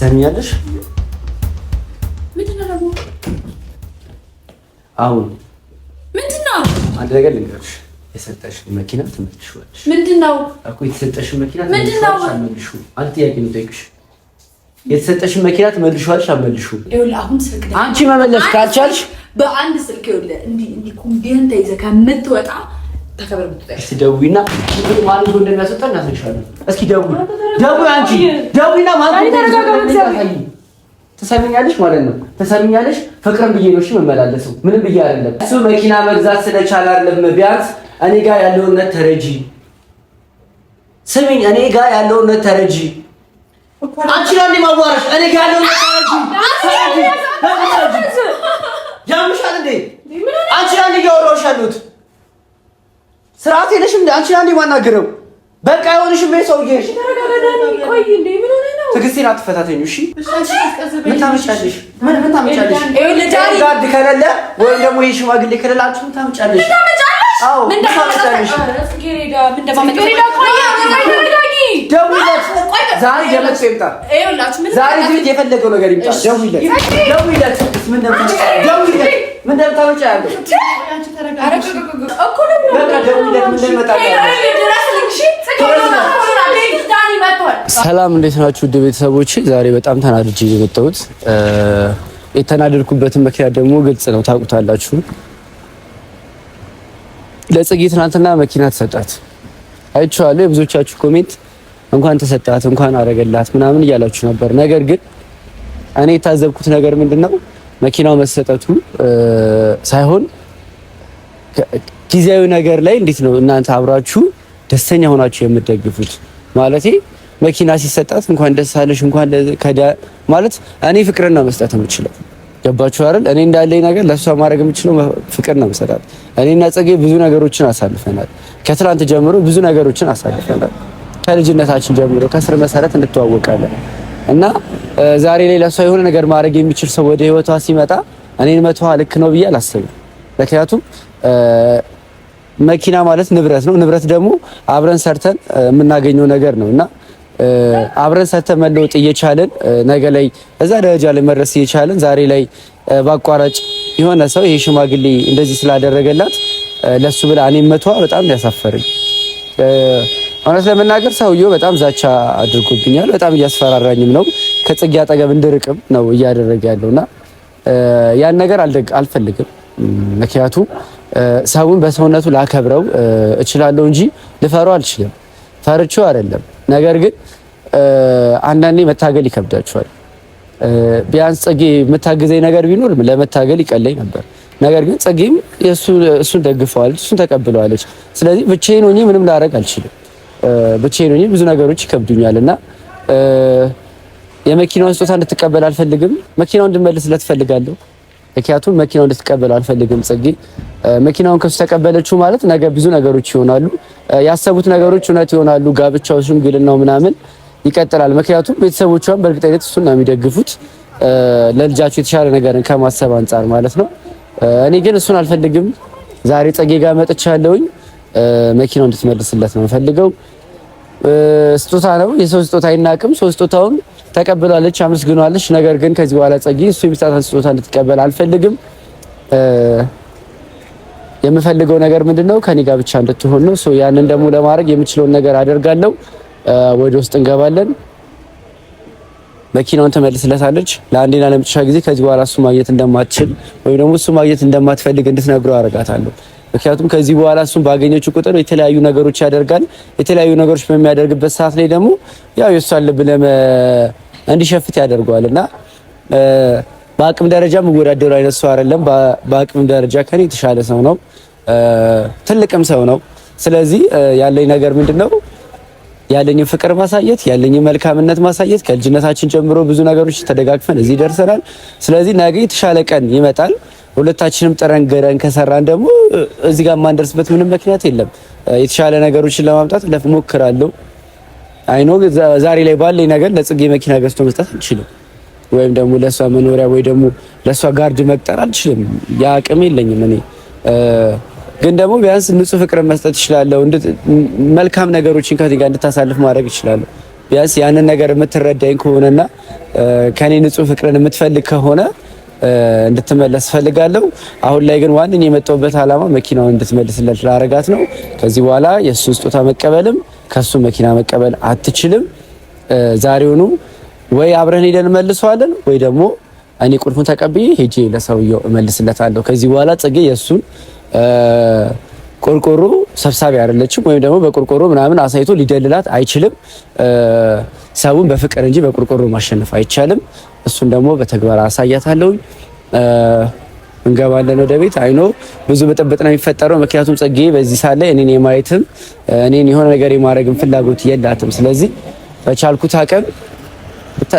ሰሚያለሽ? ምንድን ነው አሁን ምንድን ነው? አንድ ነገር ልንገርሽ፣ የሰጠሽን መኪና ትመልሺዋለሽ። ምንድን ነው እኮ የተሰጠሽን መኪና ትመልሺዋለሽ። አንድ ጥያቄ ነው የምጠይቅሽ የተሰጠሽን መኪና ትመልሺዋለሽ? አትመልሺውም? አንቺ መመለስ ካልቻልሽ በአንድ ስልክ ይኸውልህ እንዲህ እንዲህ ኮምቢያን ተይዘህ ከምትወጣ ተከበር ብትጠይቅ እስኪ ደውይና ማን ይዞ እንደሚያስወጣ እናሳይሻለን። እስኪ ደውይ ደውይ፣ አንቺ ደውይና ማን ትሰሚኛለሽ ማለት ነው። ትሰሚኛለሽ ፍቅርን ብዬ ነው የምመላለሰው ምንም ብዬ አይደለም። እሱ መኪና መግዛት ስለቻለ አይደለም። ቢያንስ እኔ ጋር ያለውን ነት ተረጂ። ስሚኝ፣ እኔ ጋር ያለውን ነት ተረጂ። አንቺ ጋር እንደ ማዋራሽ እኔ ጋር ያለውን ነት ተረጂ እንደ አንቺ አንዴ ማናገረው በቃ ይሆንሽ ምን ሰውዬ እሺ፣ ቆይ እንዴ ምን ሆነ ነው? አትፈታተኝ። እሺ ምን ታመጫለሽ? ምን ምን ታመጫለሽ? ጋድ ከሌለ ወይም ደግሞ ይሄ ሽማግሌ ከሌለ አንቺ ምን ታመጫለሽ? አዎ ምን ታመጫለሽ? ዛሬ ዛሬ የፈለገው ነገር ሰላም፣ እንዴት ናችሁ ውድ ዛሬ በጣም ተናድጄ የመጣሁት የተናደድኩበትን መኪና ደግሞ ግልጽ ነው፣ ታውቁታላችሁ። ለጽጌ ትናንትና መኪና ተሰጣት አይቼዋለሁ። የብዙዎቻችሁ ኮሜንት እንኳን ተሰጣት እንኳን አረገላት ምናምን እያላችሁ ነበር። ነገር ግን እኔ የታዘብኩት ነገር ምንድነው መኪናው መሰጠቱ ሳይሆን ጊዜያዊ ነገር ላይ እንዴት ነው እናንተ አብራችሁ ደስተኛ ሆናችሁ የምትደግፉት? ማለት መኪና ሲሰጣት እንኳን ደስ አለሽ እንኳን ማለት እኔ ፍቅርን ነው መስጠት የምችለው ገባችሁ አይደል? እኔ እንዳለኝ ነገር ለሷ ማድረግ የምችለው ፍቅር ነው መስጠት። እኔና ጽጌ ብዙ ነገሮችን አሳልፈናል። ከትላንት ጀምሮ ብዙ ነገሮችን አሳልፈናል። ከልጅነታችን ጀምሮ ከስር መሰረት እንተዋወቃለን እና ዛሬ ላይ ለእሷ የሆነ ነገር ማድረግ የሚችል ሰው ወደ ህይወቷ ሲመጣ እኔን መቷ ልክ ነው ብዬ አላስብም። ምክንያቱም መኪና ማለት ንብረት ነው። ንብረት ደግሞ አብረን ሰርተን የምናገኘው ነገር ነው እና አብረን ሰርተን መለወጥ እየቻለን ነገ ላይ እዛ ደረጃ ላይ መድረስ እየቻለን ዛሬ ላይ በአቋራጭ የሆነ ሰው ይሄ ሽማግሌ እንደዚህ ስላደረገላት ለሱ ብላ እኔ መቷ በጣም ያሳፈርኝ እውነት ለመናገር ሰውየው በጣም ዛቻ አድርጎብኛል። በጣም እያስፈራራኝም ነው። ከጽጌ አጠገብ እንድርቅም ነው እያደረገ ያለውና ያን ነገር አልፈልግም። ምክንያቱ ሰውን በሰውነቱ ላከብረው እችላለሁ እንጂ ልፈሩ አልችልም። ፈርቼው አይደለም። ነገር ግን አንዳንዴ መታገል ይከብዳቸዋል ቢያንስ ጽጌ የምታግዘኝ ነገር ቢኖር ለመታገል ይቀለኝ ነበር። ነገር ግን ጽጌም እሱን ደግፈዋለች፣ እሱን ተቀብለዋለች። ስለዚህ ብቻዬን ሆኜ ምንም ላደርግ አልችልም። ብቻዬን ሆኜ ብዙ ነገሮች ይከብዱኛል እና የመኪናውን ስጦታ እንድትቀበል አልፈልግም። መኪናውን እንድመልስለት እፈልጋለሁ። ምክንያቱም መኪናውን እንድትቀበል አልፈልግም። ጽጌ መኪናውን ከሱ ተቀበለችው ማለት ነገ ብዙ ነገሮች ይሆናሉ። ያሰቡት ነገሮች እውነት ይሆናሉ። ጋብቻው፣ ሽምግልናው ምናምን ይቀጥላል። ምክንያቱም ቤተሰቦቿን በእርግጠኝነት እሱን ነው የሚደግፉት ለልጃቸው የተሻለ ነገርን ከማሰብ አንጻር ማለት ነው። እኔ ግን እሱን አልፈልግም። ዛሬ ጽጌ ጋር መጥቻለሁኝ። መኪናው እንድትመልስለት ነው የምፈልገው። ስጦታ ነው፣ የሰው ስጦታ አይናቅም። ሰው ስጦታውን ተቀብላለች፣ አመስግኗለች። ነገር ግን ከዚህ በኋላ ጸጊ እሱ የሚሰጣትን ስጦታ እንድትቀበል አልፈልግም። የምፈልገው ነገር ምንድነው ከኔ ጋር ብቻ እንድትሆን ነው። ያንን ደግሞ ለማድረግ የምችለውን ነገር አደርጋለሁ። ወደ ውስጥ እንገባለን። መኪናውን ትመልስለታለች። ለአንዴና ለመጨረሻ ጊዜ ከዚህ በኋላ እሱ ማግኘት እንደማትችል ወይም ደግሞ እሱ ማግኘት እንደማትፈልግ እንድትነግረው አደርጋታለሁ። ምክንያቱም ከዚህ በኋላ እሱን ባገኘችው ቁጥር የተለያዩ ነገሮች ያደርጋል። የተለያዩ ነገሮች በሚያደርግበት ሰዓት ላይ ደግሞ ያው የእሷን ልብ እንዲሸፍት ያደርገዋል እና በአቅም ደረጃ ምወዳደሩ አይነት ሰው አይደለም። በአቅም ደረጃ ከኔ የተሻለ ሰው ነው፣ ትልቅም ሰው ነው። ስለዚህ ያለኝ ነገር ምንድነው? ያለኝ ፍቅር ማሳየት፣ ያለኝ መልካምነት ማሳየት። ከልጅነታችን ጀምሮ ብዙ ነገሮች ተደጋግፈን እዚህ ደርሰናል። ስለዚህ ነገ የተሻለ ቀን ይመጣል። ሁለታችንም ጥረን ከሰራን ደግሞ እዚህ ጋር የማንደርስበት ምንም ምክንያት የለም። የተሻለ ነገሮችን ለማምጣት እሞክራለሁ። አይኖ ዛሬ ላይ ባለኝ ነገር ለጽጌ መኪና ገዝቶ መስጠት አልችልም፣ ወይም ደግሞ ለእሷ መኖሪያ ወይ ደግሞ ለእሷ ጋርድ መቅጠር አልችልም። ያ አቅም የለኝም እኔ ግን ደግሞ ቢያንስ ንጹህ ፍቅርን መስጠት እችላለሁ። መልካም ነገሮችን ከዚህ ጋር እንድታሳልፍ ማድረግ እችላለሁ። ቢያንስ ያንን ነገር የምትረዳኝ ከሆነና ከኔ ንጹህ ፍቅርን የምትፈልግ ከሆነ እንድትመለስ ፈልጋለሁ። አሁን ላይ ግን ዋንን የመጣሁበት አላማ መኪናውን እንድትመልስለት ላረጋት ነው። ከዚህ በኋላ የእሱ ስጦታ መቀበልም ከሱ መኪና መቀበል አትችልም። ዛሬውኑ ወይ አብረን ሄደን መልሰዋለን ወይ ደግሞ እኔ ቁልፉን ተቀብዬ ሄጄ ለሰውየው እመልስለታለሁ። ከዚህ በኋላ ጽጌ የእሱን ቆርቆሮ ሰብሳቢ አይደለችም፣ ወይም ደግሞ በቆርቆሮ ምናምን አሳይቶ ሊደልላት አይችልም። ሰውን በፍቅር እንጂ በቆርቆሮ ማሸነፍ አይቻልም። እሱን ደግሞ በተግባር አሳያታለሁ። እንገባለን ወደ ቤት። አይኖ ብዙ ብጥብጥ ነው የሚፈጠረው፣ ምክንያቱም ጽጌ በዚህ ሳለ እኔን የማየትም እኔን የሆነ ነገር የማድረግም ፍላጎት የላትም። ስለዚህ በቻልኩት አቅም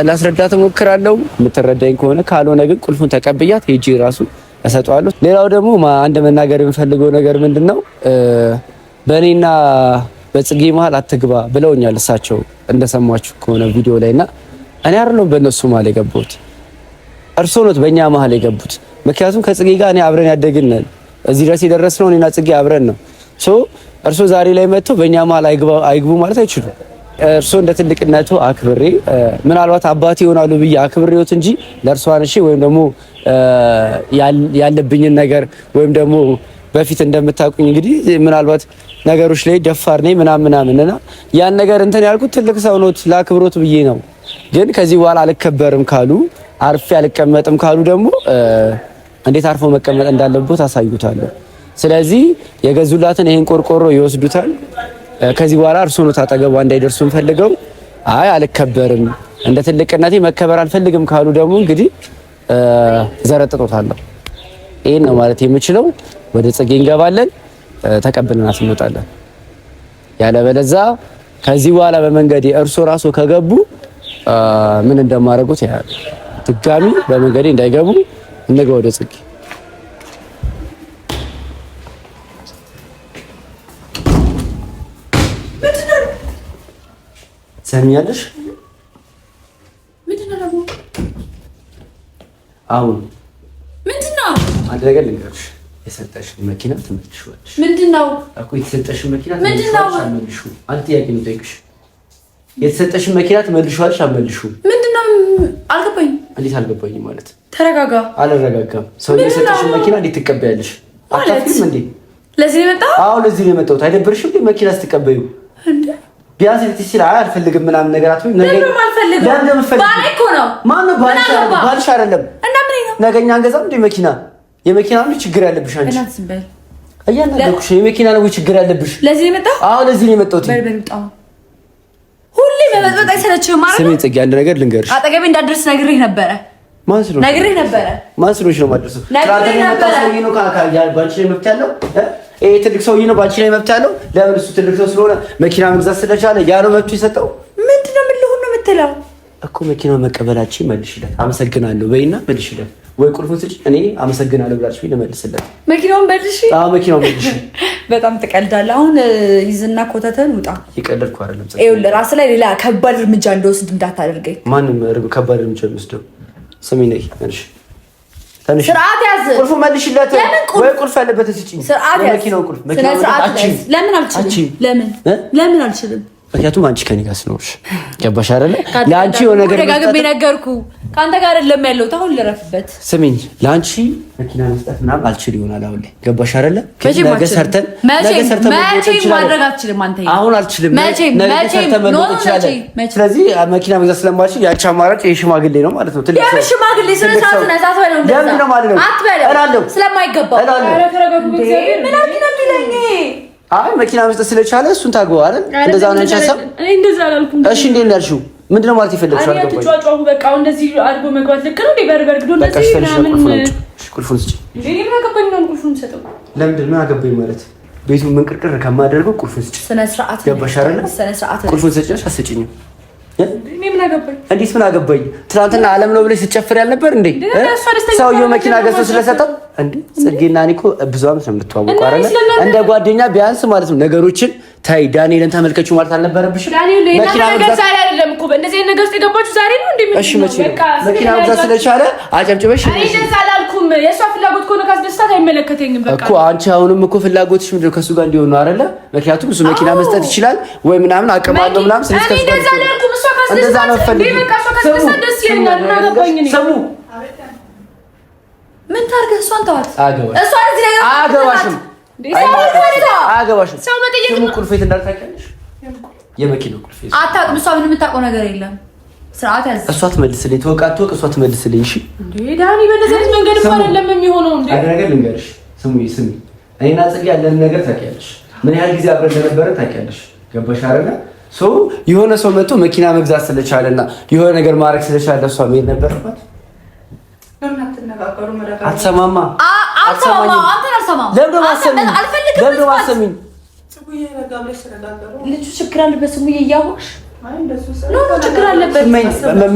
ላስረዳት እሞክራለሁ፣ የምትረዳኝ ከሆነ ካልሆነ ግን ቁልፉን ተቀብያት ሄጂ ራሱን እሰጠዋለሁ። ሌላው ደግሞ አንድ መናገር የምፈልገው ነገር ምንድን ነው፣ በእኔና በጽጌ መሀል አትግባ ብለውኛል እሳቸው እንደሰማችሁ ከሆነ ቪዲዮ ላይ እና እኔ አይደለሁም በእነሱ መሀል የገቡት እርስዎ ኖት በእኛ መሀል የገቡት። ምክንያቱም ከጽጌ ጋር እኔ አብረን ያደግን እዚህ ድረስ የደረስነው እኔና ጽጌ አብረን ነው። እርሶ ዛሬ ላይ መጥተው በእኛ መሀል አይግቡ ማለት አይችሉም። እርሶ እንደ ትልቅነቱ አክብሬ ምናልባት አባት ይሆናሉ ብዬ አክብሬዎት እንጂ ለእርሷን እሺ ወይም ደግሞ ያለብኝን ነገር ወይም ደግሞ በፊት እንደምታውቁኝ እንግዲህ ምናልባት ነገሮች ላይ ደፋር ነኝ ምናምን ምናምን እና ያን ነገር እንትን ያልኩት ትልቅ ሰው ኖት ለአክብሮት ብዬ ነው። ግን ከዚህ በኋላ አልከበርም ካሉ አርፌ አልቀመጥም ካሉ ደግሞ እንዴት አርፎ መቀመጥ እንዳለበት አሳዩታለሁ። ስለዚህ የገዙላትን ይሄን ቆርቆሮ ይወስዱታል። ከዚህ በኋላ እርሱ ነው ታጠገቧ እንዳይደርሱ ፈልገው አይ አልከበርም እንደ ትልቅነቴ መከበር አልፈልግም ካሉ ደግሞ እንግዲህ ዘረጥጦታለሁ። ይህን ነው ማለት የምችለው። ወደ ጽጌ እንገባለን፣ ተቀብለናት እንወጣለን። ያለበለዛ ከዚህ በኋላ በመንገዴ እርሶ ራሱ ከገቡ ምን እንደማደርጉት ያያል። ድጋሚ በመንገዴ እንዳይገቡ እንገ ወደ ጽጌ ሰሚያለሽ አሁን ምንድን ነው አንድ ነገር ልንገርሽ፣ የሰጠሽን መኪና ትመልሺዋለሽ። ምንድን ነው እኮ የተሰጠሽን መኪና ትመልሺዋለሽ አትመልሺውም? አንድ ጥያቄ ነው የምጠይቅሽ። የተሰጠሽን መኪና ትመልሺዋለሽ አትመልሺውም? ምንድን ነው አልገባኝም። እንዴት አልገባኝም ማለት? ተረጋጋ። አልረጋጋም። ሰው የሰጠሽን መኪና እንዴት ትቀበያለሽ? አታፍሪም እንዴ? ለዚህ ነው የመጣሁት። አዎ ለዚህ ነው የመጣሁት። አይደብርሽም እንዴ መኪና ስትቀበዩ? ቢያንስ ልትችል አይ አልፈልግም ምናምን ነገር አትበይም። ነገር ለምን አልፈልግም? ባሌ እኮ ነው። ማነው ባልሽ? አይደለም ነገ እኛ አንገዛም እንደ መኪና የመኪና ነው ችግር ያለብሽ አንቺ እያናገርኩሽ የመኪና ነው ችግር ያለብሽ ለዚህ ነው የመጣሁት አዎ ለዚህ ነው የመጣሁት ሁሌ በመጥበጥ አይሰለችም ማለት ነው ስሜን ፅጌ አንድ ነገር ልንገርሽ አጠገቤ እንዳትደርስ ነግሬህ ነበረ ነግሬህ ነበረ ማስሮሽ ነው ማድረሰው ያለው ይሄ ትልቅ ሰውዬ ነው ባንቺ ላይ መብት ያለው ለምን እሱ ትልቅ ሰው ስለሆነ መኪና መግዛት ስለቻለ ያ ነው መብቱ የሰጠው ምንድን ነው ምን ልሁን ነው የምትለው እኮ መኪናው መቀበላችን መልሽለት፣ አመሰግናለሁ በይና መልሽለት። ወይ ቁልፉን ስጭ፣ እኔ አመሰግናለሁ ብላችሁ ልመልስለት። መኪናውን መልሽ፣ መኪናውን መልሽ። በጣም ትቀልዳለህ። አሁን ይዝና ኮተተን ውጣ። የቀለድኩ አይደለም። ራስ ላይ ሌላ ከባድ እርምጃ እንደወስድ እንዳታደርገኝ። ማንም ከባድ እርምጃ የሚወስደው ስሚ ነይ መልሽ ስርዓት ያዝ። ቁልፉ መልሽለት። ቁልፍ ወይ ቁልፍ ያለበት ስጭኝ። ስርዓት ያዝ። ለምን አልችልም? ለምን ለምን አልችልም? ምክንያቱም አንቺ ከኔ ጋር ስለሆንሽ ገባሽ አይደለ? ለአንቺ የሆነ ነገር ደጋግሜ ነገርኩ። ከአንተ ጋር አይደለም ያለሁት አሁን ልረፍበት። ስሚኝ፣ ለአንቺ መኪና መስጠት ምናምን አልችል ይሆናል አሁን ላይ ገባሽ አይደለ? ነገ ሰርተን አሁን አልችልም፣ ነገ ሰርተን መለወጥ እችላለሁ። ስለዚህ መኪና መግዛት ስለማልችል ያቺ አማራጭ የሽማግሌ ነው ማለት ነው። ትልቅ ሽማግሌ ነው ማለት ነው። ስለማይገባው አይ መኪና መስጠት ስለቻለ እሱን ታግባው አይደል? እንደዛ ነው ያንቺ እኔ እንደዛ አላልኩም። እሺ እንዴ እንዳልሽው ምንድነው ማለት ይፈልግሽ? አልገባኝም። በቃ እንደዚህ አድርጎ መግባት ልክ ነው። ምን አገባኝ ማለት ቤቱ መንቅርቅር ከማደርገው ቁልፉን ስጭ። ስነ ስርዓት ገባሽ አይደል? ቁልፉን ስጭሽ አስጭኝም። እንዴት ምን አገባኝ? ትናንትና አለም ነው ብለሽ ስትጨፍር ያልነበር እንዴ? ሰውየው መኪና ገዝቶ ስለሰጠው እንዴ ጽጌና እኔ እኮ ብዙ አመት ነው የምትዋወቁ አይደል? እንደ ጓደኛ ቢያንስ ማለት ነው ነገሮችን ታይ ዳንኤልን ተመልከችው ማለት አልነበረብሽም። መኪና መግዛት አይደለም እኮ በእንደዚህ ነገር ዛሬ ነው እንዴ? መኪና መግዛት ስለቻለ አጨብጭበሽ? እኔ ደስ አላልኩም። ፍላጎት ከሆነ ካስደስታት አይመለከተኝም። በቃ እኮ አንቺ አሁንም እኮ ፍላጎትሽ ምንድን ነው ከሱ ጋር እንዲሆን ነው አይደለ? ምክንያቱም እሱ መኪና መስጠት ይችላል ወይ ምናምን አቀማለሁ ምናምን ስለዚህ ከሱ ጋር እንደዛ ነው ፈልግ። በቃ ደስ ምን ታርገህ? እሷን ተዋት። እሷን እዚህ ነገር አገባሽም አገባሽም። ሰው መጠየቅ ነው። ቁልፌት እንዳልታውቂያለሽ የመኪናው ቁልፌት አታውቅም። እሷ ምን የምታውቀው ነገር የለም። ስርዓት ያዝ። እሷ ትመልስልኝ፣ ተወቃ ትወቅ። እሷ ትመልስልኝ። እሺ እንዴ ዳኒ፣ በነዚህ መንገድ እንኳን አይደለም የሚሆነው። እንዴ አንድ ነገር ልንገርሽ፣ ስሙ ስሚ። እኔና ጽጌ ያለን ነገር ታውቂያለሽ። ምን ያህል ጊዜ አብረን እንደነበረ ታውቂያለሽ። ገባሽ አይደለ? ሰው የሆነ ሰው መጥቶ መኪና መግዛት ስለቻለና የሆነ ነገር ማድረግ ስለቻለ እሷ መሄድ ነበረባት። አትሰማማ ልጁ ችግር አለበት። ስሙዬ እያወቅሽ ችግር አለበት።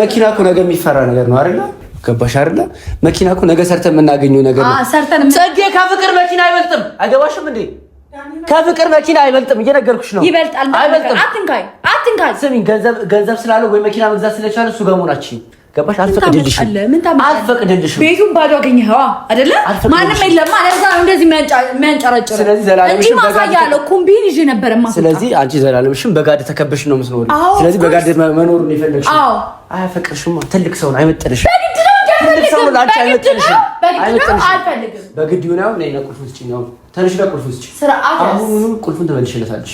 መኪና እኮ ነገ የሚፈራ ነገር ነው አይደለ? ገባሽ አይደለ? መኪና እኮ ነገ ሰርተን የምናገኘው ነገር ነው። ጸጌ ከፍቅር መኪና አይበልጥም። አይገባሽም እንዴ? ከፍቅር መኪና አይበልጥም። እየነገርኩሽ ነው። ይበልጣል። አይበልጥም። አትንካይ፣ አትንካይ። ስሚኝ፣ ገንዘብ ስላለው ወይ መኪና መግዛት ስለቻለ እሱ ጋር መሆናችን ገባሽ? አልፈቅድልሽም አልፈቅድልሽም። ቤቱን ባዶ አገኘኸው አይደለ? ማንም የለም ማለት ነው። እንደዚህ የሚያንጨረጭር እንጂ ማሳያ አለው። ኩምቢን ይዤ ነበር ስለዚህ አንቺ ዘላለምሽም በጋድ ተከበሽ ነው የምትኖሪው። ስለዚህ በጋድ መኖር ነው የፈለግሽው። አያፈቅርሽም። ትልቅ ሰው ነው አይመጥንሽም። በግድ ይሁን አሁን ነይና ቁልፍ ውስጪ ተነሽ። ቁልፍ ውስጪ አሁኑኑ ቁልፉን ትመልሽለታለሽ።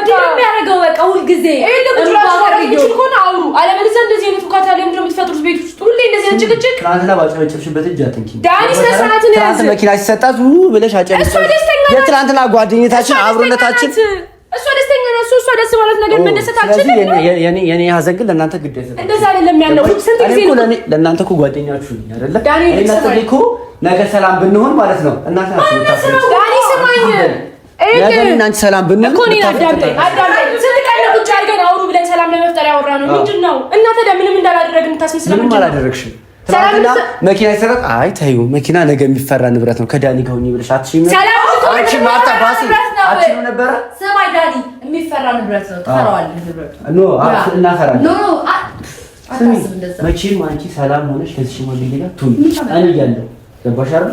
ምንድን ነው የሚያደርገው? በቃ ሁልጊዜ አለበለዚያ መኪና ሲሰጣት ብለሽ የትናንትና ጓደኝነታችን አብሮነታችን እሷ ደስተኛ ነው። እሷ ደስ ማለት ነገር መደሰት አልችልም። የኔ የኔ ሀዘን ግን ለእናንተ ግድ እንደዛ አይደለም ያለው። ስንት ጊዜ ነው ለእናንተ እኮ ጓደኛችሁ ነኝ አይደለ? ዳኒ ነገ ሰላም ብንሆን ማለት ነው እናንተ ዳኒ ስማኝ እናንተ ሰላም ብንል እኮ አውሩ ብለን ሰላም ለመፍጠር ያወራነው ምንድን ነው? እና ታዲያ ምንም እንዳላደረግን ምንም መኪና ይሰራል። አይ ተዩ መኪና ነገ የሚፈራ ንብረት ነው። ከዳኒ ጋር ሁኚ ብለሽ አትሽኝ ዳኒ የሚፈራ ንብረት ነው። ኖ ኖ ሰላም ሆነሽ ከዚህ ሽማግሌ ጋር ትሁን እያለሁ ገባሽ አይደል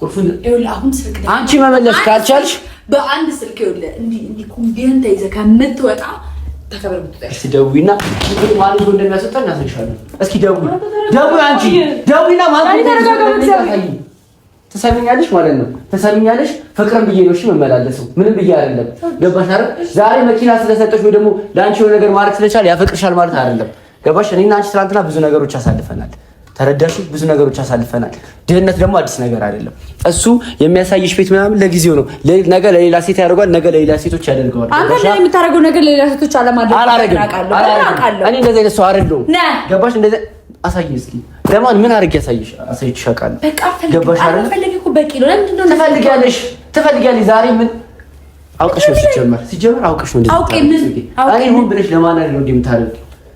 ቁልፉን አሁን ስልክ አንቺ መመለስ ካልቻልሽ በአንድ ስልክ ይኸውልህ፣ እንዲህ እንዲህ ኮምቢያን ተይዘህ ከምትወጣ ተከብረህ ብትወጣ እስኪ ደውዪና ማለት ነው እንደሚያስወጣ እናሳይሻለን። እስኪ ደውዪ ደውዪ፣ አንቺ ደውዪና ማለት ነው ትሰሚኛለሽ ማለት ነው ትሰሚኛለሽ። ፍቅርን ብዬ ነው እሺ የምመላለሰው፣ ምንም ብዬ አይደለም። ገባሽ አይደል? ዛሬ መኪና ስለሰጠሽ ወይ ደግሞ ለአንቺ የሆነ ነገር ማድረግ ስለቻለ ያፈቅርሻል ማለት አይደለም። ገባሽ? እኔና አንቺ ትናንትና ብዙ ነገሮች አሳልፈናል። ተረዳሽ? ብዙ ነገሮች አሳልፈናል። ድህነት ደግሞ አዲስ ነገር አይደለም። እሱ የሚያሳይሽ ቤት ምናምን ለጊዜው ነው። ነገ ለሌላ ሴት ያደርጓል፣ ነገ ለሌላ ሴቶች ያደርገዋል። አንተ ላይ የምታደርገው ነገር ለሌላ ሴቶች አለማድረግ አላደርግም። እኔ እንደዚህ አይነት ሰው አይደለሁም። ገባሽ? እንደዚህ አሳይ እስኪ ለማን ምን አድርጌ አሳይሽ? አሳይሽ አውቃለሁ። ገባሽ? ትፈልጊያለሽ ትፈልጊያለሽ ዛሬ ምን አውቀሽ ነው ሲጀመር ሲጀመር አውቀሽ ነው አውቄ ምን አውቄ ምን ብለሽ ለማን እንደምታደርጊ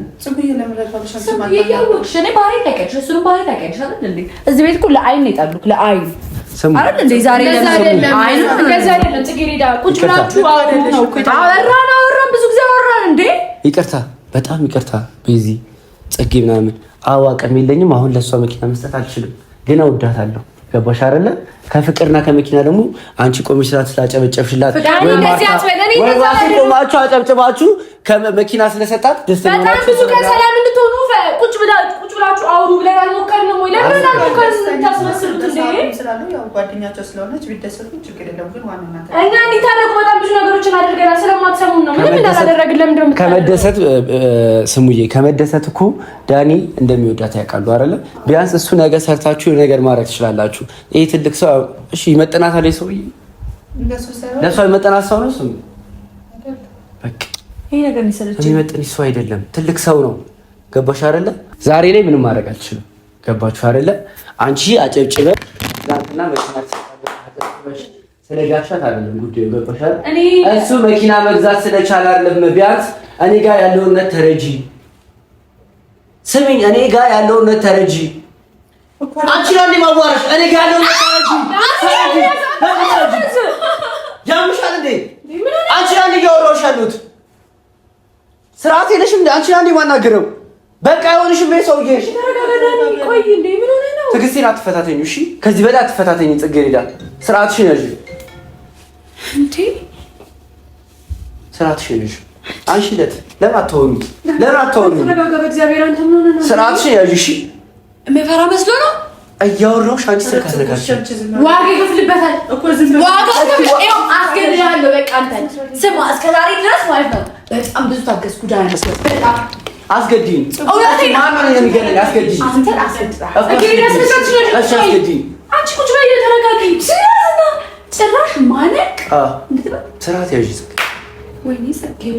እንዴ? እዚህ ቤት ለአይን የጣሉት ለአይን ቁጭ ብላችሁ አወራን አወራን ብዙ ጊዜ እንዴ። ይቅርታ በጣም ይቅርታ ቤዚ፣ ጽጌ ምናምን አዋቅም የለኝም። አሁን ለእሷ መኪና መስጠት አልችልም፣ ግን አውዳታለሁ ገባሽ አይደለ? ከፍቅርና ከመኪና ደግሞ አንቺ ቆሚሽ ስላት ስላጨበጨብሽላት ወይ ቆማችሁ አጨብጭባችሁ ከመኪና ስለሰጣት ደስተኛ ቁጭ ብላ ቁጭ ብላችሁ አውሩ ብለን አልሞከርንም ወይ? ለምን አልሞከርንም? ታስመስሉት እንዴ? ስላሉ ያው ጓደኛቸው ስለሆነች ቢደሰቱ ችግር የለም። ግን ዋና እኛ እንዲታረቁ በጣም ብዙ ነገሮችን አድርገናል። ስለማትሰሙን ነው። ምንም እንዳላደረግን ለምን ደም ከመደሰት ስሙዬ፣ ከመደሰት እኮ ዳኒ እንደሚወዳት ያውቃሉ አይደለ? ቢያንስ እሱ ነገ ሰርታችሁ ነገር ማድረግ ትችላላችሁ። ይሄ ትልቅ ሰው እሺ፣ ይመጥናታል። ሰውዬ ለእሷ ይመጥናት ሰው ነው። ስሙ ይሄ ነገር ይሰለች። የሚመጥን ሰው አይደለም፣ ትልቅ ሰው ነው። ገባሽ አይደለ? ዛሬ ላይ ምንም ማድረግ አልችልም። ገባችሁ አይደለ? አንቺ አጨብጭበ ትናንትና መኪና ስለጋሻት አይደለም ጉዳዩ ገባሽ አይደለ? እሱ መኪና መግዛት ስለቻለ አይደለም። ቢያንስ እኔ ጋር ያለውን ነት ተረጂ። ስሚኝ፣ እኔ ጋር ያለውን ነት ተረጂ። አንቺ ላይ ማዋረሽ እኔ ጋር ያለውን ነት ተረጂ። ያምሻል እንዴ? አንቺ ላይ እያወራሁሽ ያሉት ስርዓት የለሽም እንዴ? አንቺ ላይ ማናገረው በቃ አይሆንሽም። ቤት ሰውዬ እሺ፣ ቆይ እንዴ፣ ምን ሆነ ትዕግስቴን አትፈታተኝ፣ እሺ? ከዚህ በላይ አትፈታተኝ። ጽጌረዳ ስርዓትሽን ያዥ፣ እንዴ ስርዓትሽን ያዥ። አንሺለት ለምን አትሆኑ? ለምን አትሆኑ? ስርዓትሽን ያዥ፣ እሺ? የሚፈራ መስሎ ነው እያወራሁሽ አንቺ ስልክ አዘጋጅ። ዋጋ ይከፍልበታል እኮ ዝም ብሎ ዋጋ ይኸው አስገድልሃለሁ። በቃ አንተ ስማ፣ እስከ ዛሬ ድረስ ማለት ነው በጣም ብዙ ታገስኩ። ዳን በጣም አስገድኝ ማመን የሚገለኝ አስገድኝ።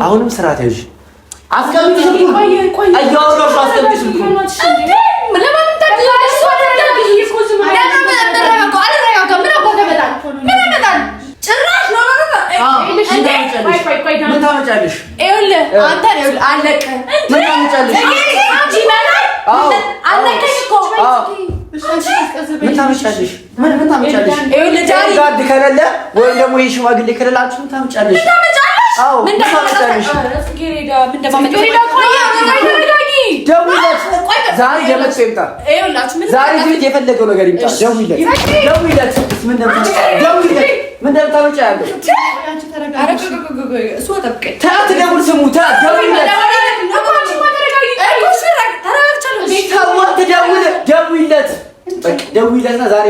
አሁንም ስርዓት ያዥ ጋድ ከሌለ ወይም ደግሞ ይህ ሽማግሌ ከሌላችሁ ምን ታመጫለሽ? ምን ታመጫለሽ? ዛሬ የመጣው ይምጣ። የፈለገው ነገር ይምጣ። ደውይለት፣ ደውይለት፣ ደውይለት ምን እንደምታመጪ ያለው ደውይለትና ዛሬ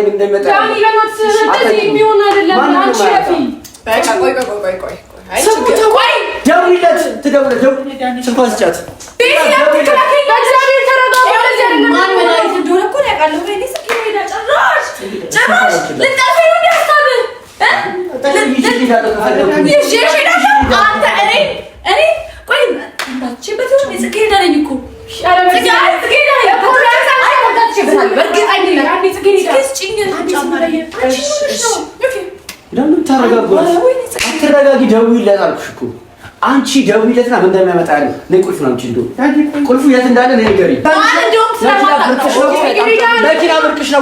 አትረጋጊ፣ ደውዪለት አልኩሽ እኮ አንቺ ደውዪለትና ምን እንደሚያመጣ ያለ ቁልፍ ነው። አንቺ ቁልፉ የት እንዳለ ንገሪኝ መኪና ብርቅሽ ነው።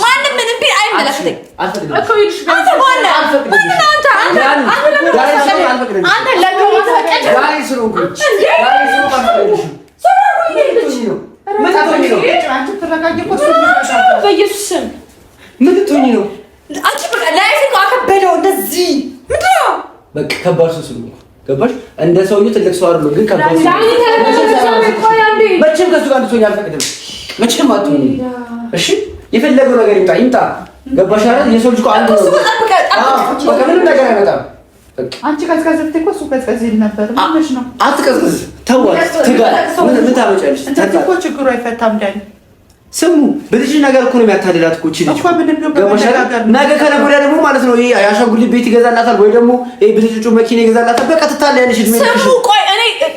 ማንም ምንም ቢል አይመለከተኝ እኮ እንደ ሰውዬው ትልቅ ሰው አይደለም፣ ግን ከባድ ሰው መቼም ከሱ ጋር እንድትሆኝ አልፈቅድም። መቼም አትሆኝ እሺ የፈለገው ነገር ይምጣ ይምጣ። ገባሽ አይደል? የሰው ልጅ እኮ አንድ ነው። ምንም ነገር አይመጣም። አንቺ ቀዝቀዝብት እኮ እሱ ቀዝቀዝል ነበር። ምንሽ ነው? አትቀዝቅዝ፣ ተዋት። ትጋል ምን ታመጫለሽ? እንደዚህ ችግሩ አይፈታም። ዳኒ ስሙ፣ በልጅ ነገር እኮ ነው የሚያታልላት እኮ እቺ ልጅ። ነገ ከነገ ወዲያ ደግሞ ማለት ነው ይሄ አሻንጉሊት ቤት ይገዛላታል ወይ ደግሞ ይሄ ብልጭጩ መኪና ይገዛላታል። በቃ ትታለያለሽ። እድሜ ቆይ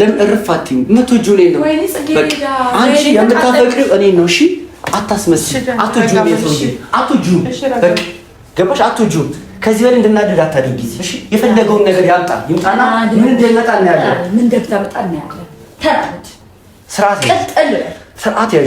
ለምን እርፋትኝ ምትጁ እኔ ነው። አንቺ የምታፈቅሪው እኔ ነው። እሺ አታስመስል። አትጁ አትጁ ገባሽ? አትጁ ከዚህ በላይ እንድናደድ አታድርጊ። የፈለገውን ነገር ያምጣ ይምጣና ምን እንደመጣ እናያለን። ምን እንደምታመጣ እናያለን። ተራት ስርዓት ቀጥል ስርዓት ያለ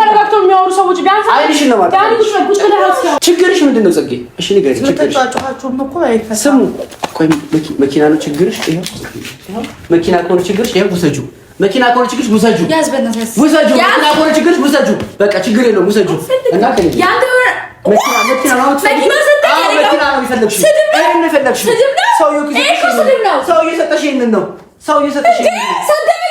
አትከፍተው የሚያወሩ ሰዎች ቢያንስ አይንሽ ነው ማለት ያን ጉሽ ነው ጉሽ ነው። ችግርሽ ምንድን ነው ፅጌ? እሺ ንገሪኝ። ችግርሽ ስሙ፣ ቆይ መኪና ነው ችግርሽ? ይሄው መኪና ከሆነ ችግርሽ ይሄው ውሰጁ። መኪና ከሆነ ችግርሽ ውሰጁ፣ ውሰጁ። መኪና ከሆነ ችግርሽ ውሰጁ። በቃ ችግር የለውም ውሰጁ። እና ከልጅ ያንተ መኪና መኪና ነው መኪና የፈለግሽው ሰውዬው ሰጠሽ ይሄንን ነው ሰውዬው ሰጠሽ ይሄንን ነው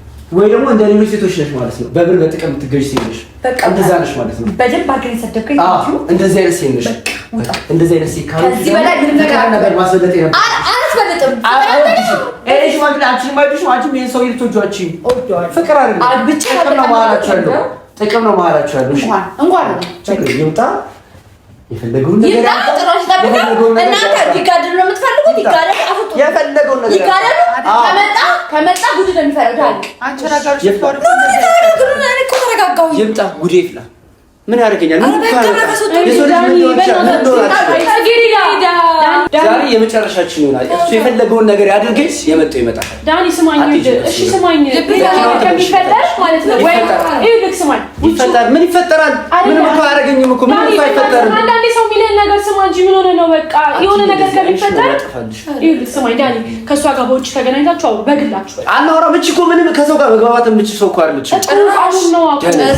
ወይ ደግሞ እንደ ሌሎች ሴቶች ነሽ ማለት ነው። በብር በጥቅም የምትገዥ ሴት ነሽ። እንደዛ ነሽ ማለት ነው። በደንብ አገር የሰደብከኝ እንደዚህ አይነት ሴት ነሽ። እንደዚህ አይነት ሴት ከዚህ በላይ ምንም ነገር ማስበለጥ አላስበለጥም። ፍቅር አይደለም ጥቅም ነው። መሀላችሁ ያለው እንኳን ይምጣ የፈለገውን ነገር የምትጠብቀው እናንተ ይጋደሉ ነው የምትፈልጉት። ይጋደሉ ነገር ይጋደሉ። ከመጣ ከመጣ ጉድ ነው ይምጣ ይፍላ። ምን ያደርገኛል? ምን ዛሬ የመጨረሻችን ይሆናል። እሱ የፈለገውን ነገር ያድርገሽ፣ የመጣው ይመጣል። ዳኒ ስማኝ፣ እሺ ስማኝ፣ ይፈጠር ምን ይፈጠራል? ምንም እኮ አያደርገኝም እኮ ምንም እኮ አይፈጠርም። አንዳንዴ ሰው የሚለን ነገር ስማ እንጂ ምን ሆነ ነው? በቃ የሆነ ነገር ከሚፈጠር ስማኝ ዳኒ፣ ከእሷ ጋር በውጭ ተገናኝታችሁ አውሩ፣ በግላችሁ አናወራም። እቺ እኮ ምንም ከሰው ጋር መግባባት የምችል ሰው እኮ አይደለችም። ጭራሽ ነው ጭራሽ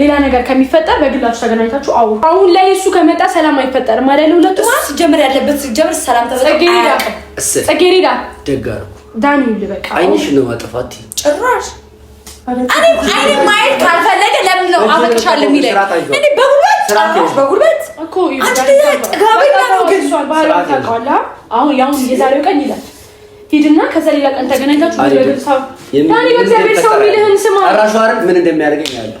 ሌላ ነገር ከሚፈጠር በግላችሁ ተገናኝታችሁ አውሩ። አሁን ላይ እሱ ከመጣ ሰላም አይፈጠርም አይደለ? ሁለቱ ሲጀምር ያለበት ሲጀምር ሰላም ተዘጋጽጌሬዳ ደጋ ነው ዳኒ ልበቃ አይንሽ ነው አጥፋት ጭራሽ አይኔ ማየት ካልፈለገ ለምን ነው አበቅሻለሁ የሚለኝ እኔ በጉልበት ጭራሽ በጉልበት እኮ ጥጋበኛ ነው። ግን ባህሪውን ታውቀዋለህ። አሁን ያሁን የዛሬው ቀን ይላል ሂድና ከዛ ሌላ ቀን ተገናኝታችሁ ዳኒ በእግዚአብሔር ሰው የሚልህን ስማ። ራሱ ምን እንደሚያደርገኝ ያለው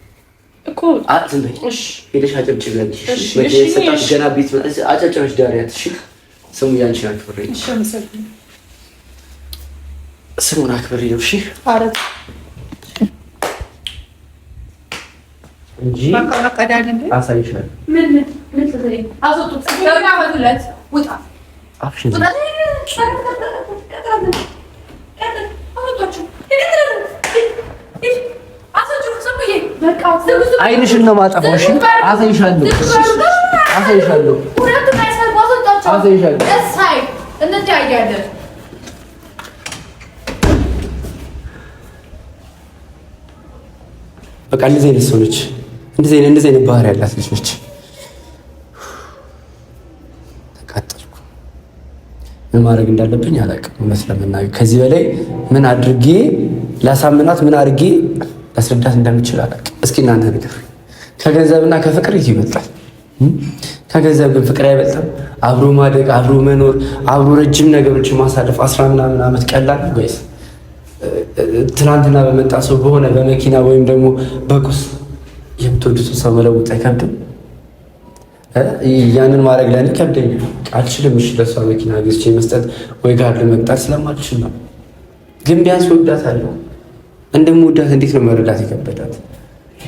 እኮ ዝም በይ ሄደሽ አጨብጭቢያለሽ። መሰጣት ገና ቤት አጨብጨበሽ ዳሪያት። እሺ ስሙ ያንቺን አክብሬ ስሙን አክብሬ ነው እሺ እንጂ አሳይሻለሁ። አይንሽን ነው የማጠፋው። እሺ፣ አሳይሻለሁ፣ አሳይሻለሁ፣ አሳይሻለሁ። በቃ እንደዚህ አይነት ሰው ነች። እንደዚህ አይነት እንደዚህ አይነት ባህሪ ያላት ልጅ ነች። ተቃጠልኩ። ምን ማድረግ እንዳለብኝ አላውቅም። መስለምና ከዚህ በላይ ምን አድርጌ ላሳምናት፣ ምን አድርጌ ላስረዳት እንደምችል አላውቅም። እስኪ እናንተ ነገር ከገንዘብና ከፍቅር ይህ ይበልጣል። ከገንዘብ ግን ፍቅር አይበልጥም። አብሮ ማደግ፣ አብሮ መኖር፣ አብሮ ረጅም ነገሮችን ማሳለፍ አስራ ምናምን ዓመት ቀላል ወይስ ትናንትና በመጣ ሰው በሆነ በመኪና ወይም ደግሞ በቁስ የምትወዱትን ሰው መለወጥ አይከብድም? ያንን ማድረግ ለእኔ ከብደኝ አልችልም። እሺ ለእሷ መኪና ገዝቼ መስጠት ወይ ጋር ለመቅጣት ስለማልችል ነው። ግን ቢያንስ ወዳታለሁ እንደምወዳት እንዴት ነው መረዳት የከበዳት?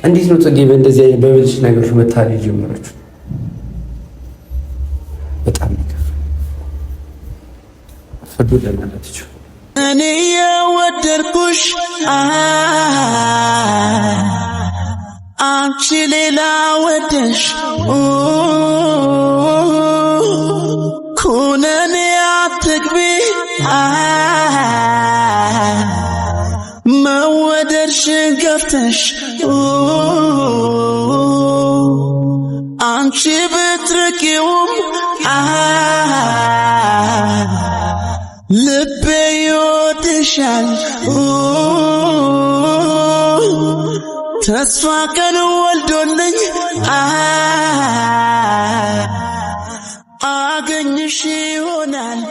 እንዴት ነው ጽጌ በእንደዚህ አይነት በብልሽ ነገሮች መታል የጀመረችው? በጣም ፍርዱ ለማለትችው እኔ የወደድኩሽ አንቺ ሌላ ወደሽ ኩነኔ አትግቢ መወደድሽ ገፍተሽ አንቺ ብትርቂውም ልቤ ይወድሻል ተስፋ ቀን ወልዶልኝ አገኝሽ ይሆናል